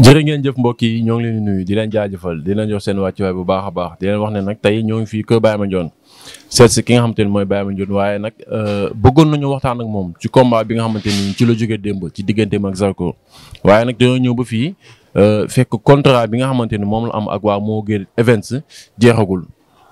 jërë ngeen jëf mbokk yi ñoo ngi leen di nuyu di leen jaajëfal di leen jox seen wàccuwaay bu baax a baax di leen wax ne nag tey ñoo ngi fii kër Baye Mandione seet si ki nga xamante ni mooy Baye Mandione waaye nag euh, bëggoon nañu waxtaan ak moom ci combat bi nga xamante ni ci la jógee démb ci digganteem ak Zarko waaye nag dañoo ñëw ba fii euh, fekk contrat bi nga xamante ni moom la am ak waa Mo Gates Events jeexagul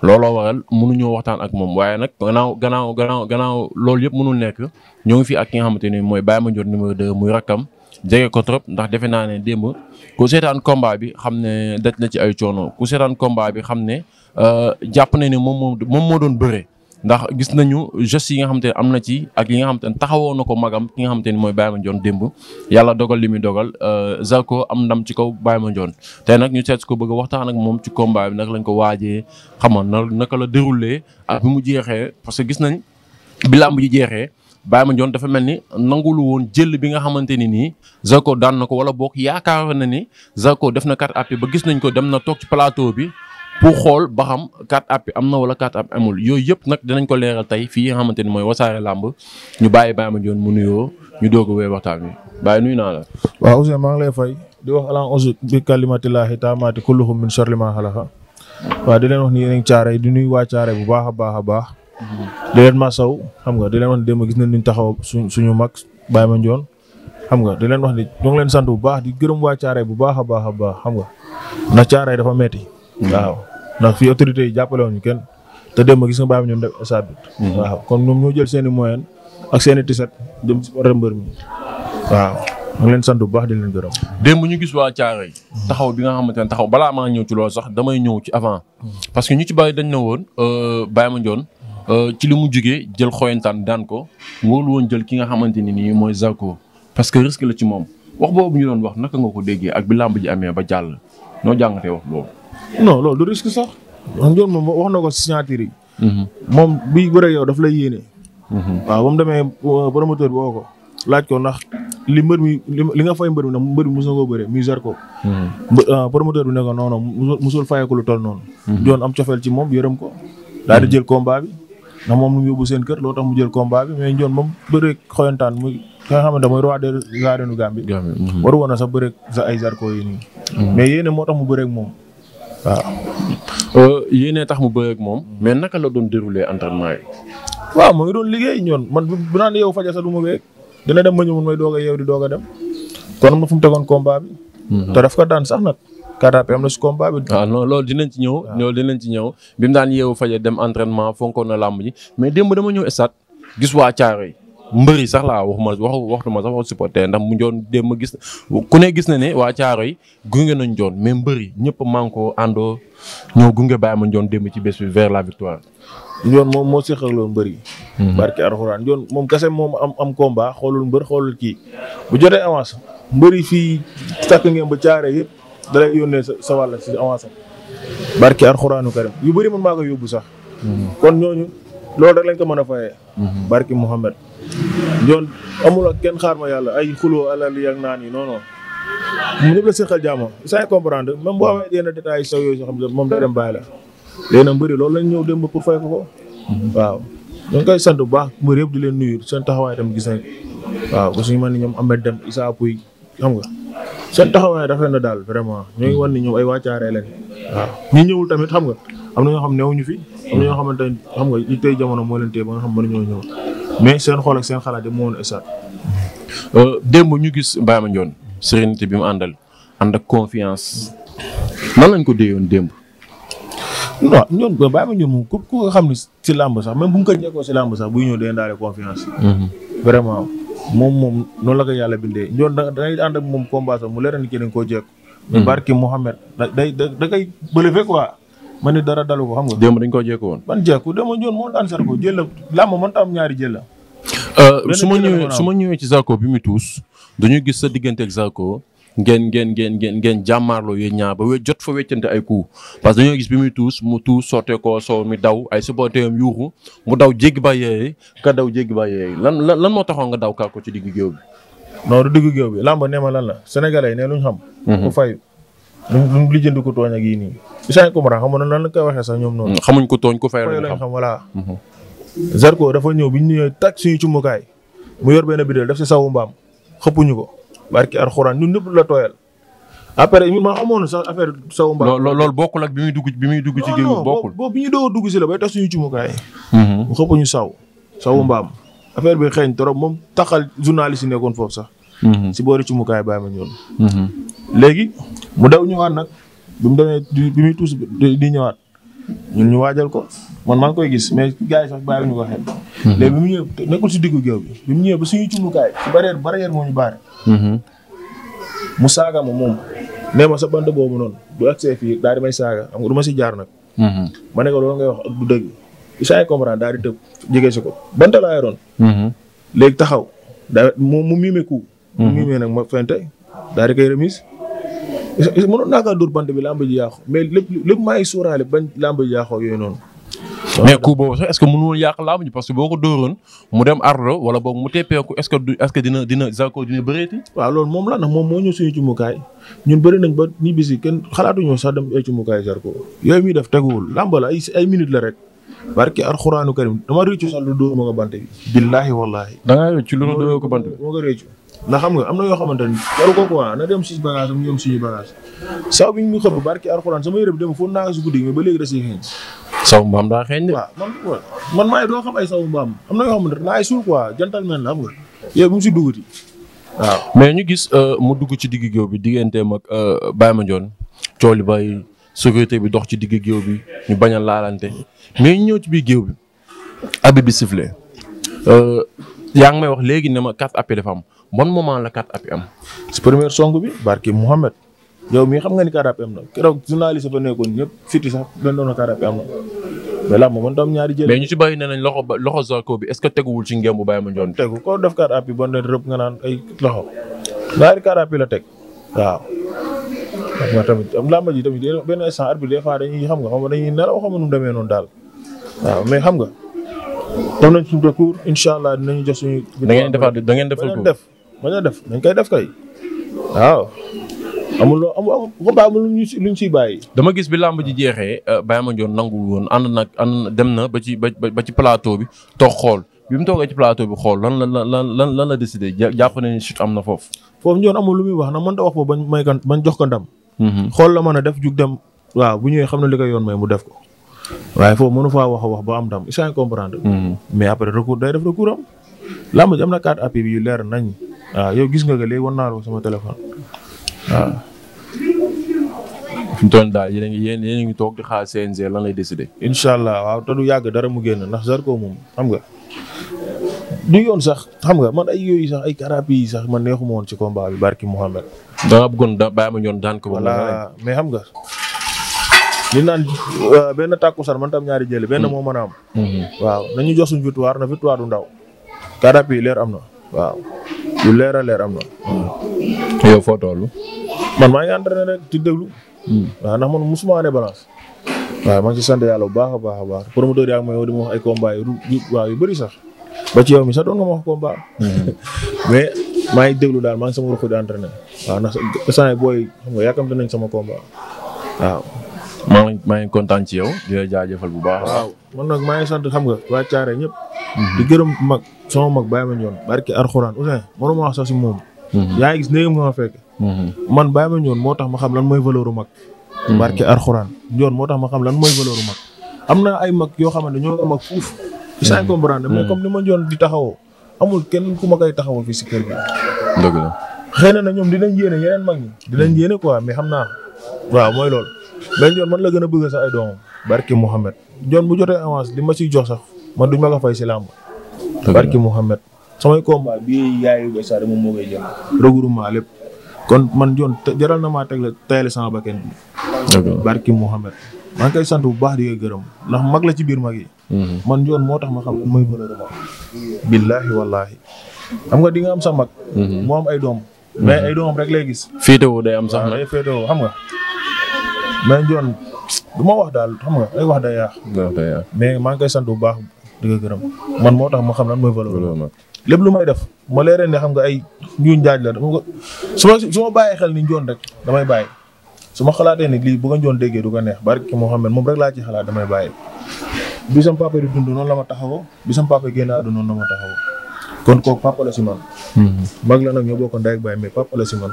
looloo waral mënuñoo waxtaan ak moom waaye nag gannaaw gannaaw gannaaw gannaaw loolu yëpp mënul nekk ñoo ngi fii ak ki nga xamante ni mooy ma Mandione numéro 2 muy rakkam jege ko trop ndax defe naa ne démb ku seetaan combat bi xam ne daj na ci ay coono ku seetaan combat xam ne euh, jàpp na ne moom moo moom moo doon bëre. ndax gis nañu gestes yi nga xamante ne am na ci ak yi nga xamante ne taxawoo na ko magam ki nga xamante ni mooy Baye Mandione démb yàlla dogal li muy dogal euh, Zarko am ndam ci kaw Baye Mandione te nag ñu seet ko bëgg a waxtaan ak moom ci combat bi naka lañ ko waajee xam nga naka la déroulé ak bi mu jeexee parce que gis nañ bi làmb ji jeexee. ma Mandione dafa mel ni nangulu woon jël bi nga xamante ni nii Zarko daan na ko wala boog yaakaar na ni Zarko def na carte appui ba gis nañ ko dem na toog ci palaato bi pour xool ba xam carte appui am na wala carte appui amul yooyu yëpp nag dinañ ko leeral tey fii nga xamante ni mooy wasaare làmb ñu bàyyi ma Mandione mu nuyoo ñu doog a wéy waxtaan wi Baye nuyu naa la. waaw Ousseyn maa ngi lay fay di wax alaa uzu bi kalimatillahi taamaati kulluhum min sharri maa xalaqa waaw di leen wax ni yéen caare di nuyu waa bu baax a baax baax. di leen masaw xam nga di leen wax ne démb gis nañ ñu taxaw suñ suñu mag baay ma Mandione xam nga di leen wax ne ñu ngi leen sant bu baax di gërëm waa Caaray bu baax a baax a baax xam nga ndax Caaray dafa metti mm-hmm. waaw ndax fii autorités yi jàppale woon ñu kenn te démb gis nga Baye Mandione def stade bi mm-hmm. waaw kon ñoom ñoo jël seen i moyen ak seen i tiset jëm si mbër mi waaw ma ngi leen sant bu baax di leen gërëm. bu ñu gis waa Caaroy taxaw bi nga xamante ne taxaw balaa maa ñëw ci loolu sax damay ñëw ci avant. Mm-hmm. parce que ñu ci bàyyi dañ na woon euh, baay ma Mandione Euh, ci li mu jugee jël xoyantaan daan ko wóolu woon jël ki nga xamante ni nii mooy Zarko parce que risque la ci moom wax boobu ñu doon wax naka nga ko déggee ak bi làmb ji amee ba jàll noo jàngatee wax boobu. non loolu du risque sax. wax wax na ko si signature mhm. bi bëre yow daf lay yéene. Mhm. waaw ba mu demee euh, promoteur bi woo ko laaj ko li mbër mi li nga fay mbër mi ndax mi mos na koo bëree muy Zarko. Mhm. Euh, promoteur bi ne ko non non mosul fayeeku lu toll noonu. doon am cofeel ci moom yërëm ko. daal di jël combat bi. ndax moom mu ngi yóbbu seen kër loo tax mu jël kombaa bi mais Ndiol moom bëre xoyantaan muy ki nga xamante mooy roi de l'arène Gambie. waru woon na sax bëre sa ay Zarko yi mhm. mais yéene moo tax mu bëre ak moom waaw. Euh, yéene tax mu bëre moom. mais naka la doon déroulé entraînement yi. waaw mu ngi doon liggéey ñoon man bu naan yow faja sa lu ma weeg dina dem ma ñëwoon may doog a yeew di doog a dem kon ma fu mu tegoon combat bi. Mhm. te daf ko daan sax nag. karaté am na si combat bi. waaw ah, non loolu dinañ ci ñëw. Ah. loolu dinañ ci ñëw bi mu daan yeewu faje dem entraînement fonkoon a làmb ji mais démb dama ñëw stade gis waa caaro yi mbëri sax laa waxuma waxu waxtuma sax waxu supporter ndax mu njoon démb gis ku ne gis na ne waa caaro yi gunge nañ joon mais mbëri ñëpp mànkoo àndoo ñoo gunge bàyyi ma njoon démb ci bés bi vers la victoire. njoon moom moo seqaloon mbër yi. Mhm. barke Alxuraan njoon moom kese moom am am combat xoolul mbër xoolul kii bu jotee avance mbër yi fii takk ngeen ba caare yëpp da lay yónnee sa sa wàll si avance am barki alxuraanu karim yu bëri ma maa yóbbu sax. kon ñooñu loolu da lañ ko mën a fayee. barki Mouhamed. yoon amul kenn xaar ma yàlla ay xuloo alal yi ak naan yi non non mu ñëpp la seqal jàmm saa comprendre même boo amee yenn détails saw yooyu xam ne moom day dem bàyyi la. léegi nag loolu lañ ñëw démb pour fay ko ko. waaw ñu ngi koy sant bu baax mbër yëpp di leen nuyu seen taxawaay tam gis nañ waaw parce man ñu ñoom Ameth Deme Issa Pouye xam nga. seen taxawaay rafet na daal vraiment ñu ngi wan ni ñoom ay wàccaaree leen waaw ñi ñëwul tamit xam nga am na ñoo xam newuñu fi am na ñoo xamante ne xam nga li tey jamono moo leen téye ba nga xam mënuñoo mais seen xool ak seen xalaat yi moo woon euh, ñu gis Baye Mandione sérénité bi mu àndal ànd ak confiance nan lañ ko déyoon démb non ñoon Baye Mandione moom ku ku nga xam ne si làmb sax ma bu mu ko ñekkoo si làmb sax buy ñëw dee ndaale confiance mm-hmm. vraiment moom moom noonu la ko yàlla bindee ñoom da ngay ànd ak moom combat mu leer ni kii dañ koo jékku. mais mm-hmm. barki Mouhamed da day da dangay bëlëfe quoi. ma ni dara dalu ko xam nga. démb dañ koo jékku woon. ban jékku démb ñoom moo daan Zarko jël la làmb man ta am ñaari jël la. Euh, su ma ñëwee su ma ñëwee ci Zarko bi mu tuus dañuy gis sa diggante ak ngeen ngeen ngeen ngeen ngeen jàmmaarloo yéen ñaar ba we jot fa weccante ay coups parce que dañoo gis bi muy tuus mu tuus sottee ko soow mi daw ay supporter yuuxu mu daw jéggi ba ka daw jéggi ba lan lan lan moo taxoon nga daw kaa ko ci digg géew bi. non du géew bi lamba nee ma lan la sénégalais nee lu xam. Mhm. ku fay lu lu lijjanti ko tooñ ak yii nii. Isaac Koumara xam nga nan la koy waxee sax ñoom noonu. Mm, xamuñ ko tooñ ku fay la ñu xam voilà. Mhm. Zarko dafa ñëw bi ñu ñëwee tàcc suñu cumbukaay mu yor benn bideel def si sawu mbaam xëppuñu ko barki alxuraan ñun ñëpp la tooyal. après man xamoon sax affaire saw mbaa. loo loolu bokkul ak bi muy dugg bi muy dugg ci bokkul. boobu bi ñu doog dugg si la bay tax suñu cumukaay. Mhm. mu xëpp ñu saw. sawu mbaam affaire bi xeeñ trop moom taxal journaliste si nekkoon foofu sax. Mhm. si boori cumukaay bàyyi ma ñoon mhm. léegi mu daw ñëwaat nag bi mu demee bi muy tuus di ñëwaat ñun ñu waajal ko man maa ngi koy gis mais gars yi sax bàyyi ñu ko Mm-hmm. léegi bi mu ñëw nekkul si diggu géew bi bi mu ñëw ba suñu cumbukaay si barrière barrière moo ñu baare mm-hmm. mu saaga moom moom nee ma sa bant boobu noonu bu agsee fii daal di may saaga xam nga du si jaar nag mm-hmm. ma ne ko loolu ngay wax ak du dëgg isaay comprendre daal di tëb jege si ko bant laa yoroon léegi taxaw daa mu mu miime ku mu miime nag ma fente daal di koy remise mënoon naa kaa dóor bant bi laa ji yaaxu mais lépp lépp maa ngi sóoraale bañ làmb ji yaaxoo yooyu noonu mais coup boobu sax est-ce que mënu woon yàq laamu ñu parce que boo ko dóoroon mu dem ardo wala boog mu teppeeku est-ce que dina dina Zarko dina bëreeti. waaw loolu moom la nag moom moo ñëw suñu cumukaay ñun bëri nañ ba ni bisi kenn sax dem ay cumukaay Zarko yooyu muy def teguwul làmb la ay ay minutes la rek. barke alxuraanu karim dama réccu sax lu bi. billaahi wallaahi. da ngaa réccu na yoo na am ñoom suñu bagage. saw bi ñu xëpp barke alxuraan sama yére dem fóon naa si guddi mais ba léegi da siy xeeñ saw mbaam daa xeeñ de. man man maa doo xam ay saw mbaam am na yoo xam ne da ay suuf quoi gentleman la am nga yow bu mu si duggati waaw. mais ñu gis euh, mu dugg ci digg géew bi digganteem ak euh, Baye Mandione coow li bay bi dox ci digg géew bi ñu bañ a laalante mais ñu ñëw ci biir géew bi abi bi euh, yaa ngi may wax léegi ne ma 4 appuis dafa am bon moment la 4 appuis am. si première song bi barki Mouhamed. yow mii xam nga ni karaté am na keroog journaliste fa nekkoon ñëpp surtout sax dañ doon karaté am na mais làmb man tam ñaari jël mais ñu ci bàyyi ne nañ loxo ba loxo Zarko bi est ce que teguwul ci ngëm bu bàyyi njoon tegu ko def karaté bon ne rëb nga naan ay la teg waaw xam nga tamit am làmb ji tamit benn instant arbitre des fois xam nga xam nga dañuy nelaw xam nu mu demee noonu daal waaw mais xam nga def nañ suñu recours incha allah dinañu jox suñu da ngeen defaat da ngeen defal ko def ma def dañ koy def kay waaw amul loo amul combat amul lu ñu si lu siy bàyyi. dama gis bi làmb ji jeexee euh, Baye Mandione nanguwul woon ànd nag ànd dem na ba ci ba ci plateau bi toog xool bi mu toogee ci bi xool lan lan lan lan lan la décidé jàpp ne ni chute am na foofu. foofu Ndione amul lu muy wax na mënta wax ba may kan bañ jox ko ndam. Mm-hmm. xool la mën a def jug dem waaw bu ñëwee xam na li koy yoon may mu def ko. waaye foofu mënu faa wax a wax ba am ndam isaan comprendre. Mm-hmm. mais après recours day def recours am. làmb jam na carte appui bi yu leer nañ waaw yow gis nga ko léegi wan naa ko sama téléphone. waaw. daal yéen a ngi ngi toog di xaar CNG lan lay décider. incha allah waaw te du yàgg dara mu génn ndax Zarko moom xam nga. du yoon sax xam nga man ay yooyu sax ay carapes yi sax man neexuma woon ci combat bi barki Mouhamed. da nga bëggoon da bàyyi ma ñoon daan ko. voilà mais xam nga. li naan euh, benn takkusaan man tam ñaari jëli benn hmm. moo mën a am. Hmm. waaw jox suñu victoire na victoire du ndaw. carapes yi leer am na. waaw lu leer a leer am na. Hmm. yow foo toll. man maa ngi entraîné rek di déglu. waaw ndax man musuma ne balance. waaw maa ngi ci sant yàlla bu baax a baax a baax promoteur yaa ngi may woo di ma wax ay combat yu waaw yu sax ba ci yow mi sax doon nga ma wax combat. Hmm. mais maa ngi déglu daal maa ngi sama ruq di entraîné. waaw ndax saa booy xam nga yàkkamte nañ sama combat waaw. maa ngi maa ngi kontaan ci yow di la bu baax. waaw man nag maa ngi sant xam nga waa Thiaré ñëpp. Hmm. di gërëm mag sama mag bàyyi ma ñoon barki Alxuraan Ousseyn mënuma wax sax si hmm. gis néegam nga fekk. Mm-hmm. man bàyyi ma ñoon moo tax ma xam lan mooy valeur u mag mm-hmm. barke arxuraan ñoon moo tax ma xam lan mooy valeur u am na ay mag yoo xamante ñoo mag fuuf sans mm-hmm. comprendre mais comme ni ma joon di taxawoo amul kenn ku ma koy taxawoo fii si kër gi dëgg la xëy na na ñoom dinañ yéene yeneen mag ñi dinañ yéene quoi mais xam naa waaw mooy loolu mais ñoon man la gën a bëgg sax ay doomam barke Mouhamed joon bu jotee avance li ma siy jox sax man du ma ko fay si làmb barke Mouhamed samay combat bi yaay ba sare moom moo koy jël regroupement lépp kon man yoon jaral na maa teg la tayale sama bakkan bi barki Mouhamed maa ngi koy sant bu baax di ko gërëm ndax mag la ci biir mag yi mhm. man joon moo tax ma xam may mën a dama billaahi wallaahi xam nga di nga am sa mag mhm. moo ay doom mhm. mais ay doomam rek lay gis féetewoo day am sax nag xam nga mais yoon du ma wax daal xam nga ay wax day yaax mais maa ngi koy sant bu baax di ko gërëm man moo tax ma xam lan mooy valeur lépp lu may def ma leereen ne xam nga ay njuuñ daaj la dama ko su ma su ma xel ni njoon rek damay bàyyi su ma xalaatee ni lii bu nga njoon déggee du ko neex barki Mouhamed moom rek laa ci damay bàyyi bi sam papa di la ma taxawoo bi sam papa génn àdduna kon kooku papa si man hmm. mag la nag ñoo bokk ndey ak baay mais papa la si man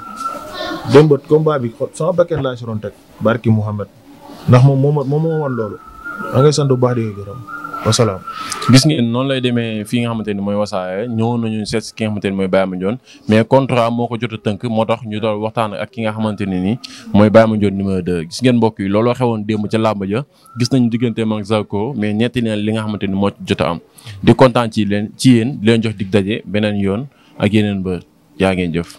dem ba combat bi sama bakkan laa si doon teg barki ndax moom moo ma moo ma wan loolu da ngay sant bu baax di wasalaam gis ngeen noonu lay demee fii nga xamante ni mooy wasaare ñëwoon nañu seet ki nga xamante ni mooy ma Mandione mais contrat moo ko jot a tënk moo tax ñu doon waxtaan ak ki nga xamante ne nii mooy Baye Mandione numéro 2 gis ngeen mbokk yi looloo xewoon démb ca làmb ja gis nañu digganteem ak Zarko mais ñetti neen li nga xamante ni moo jot a am di kontaan ci leen ci yéen di leen jox dig daje beneen yoon ak yeneen ba yaa ngeen jëf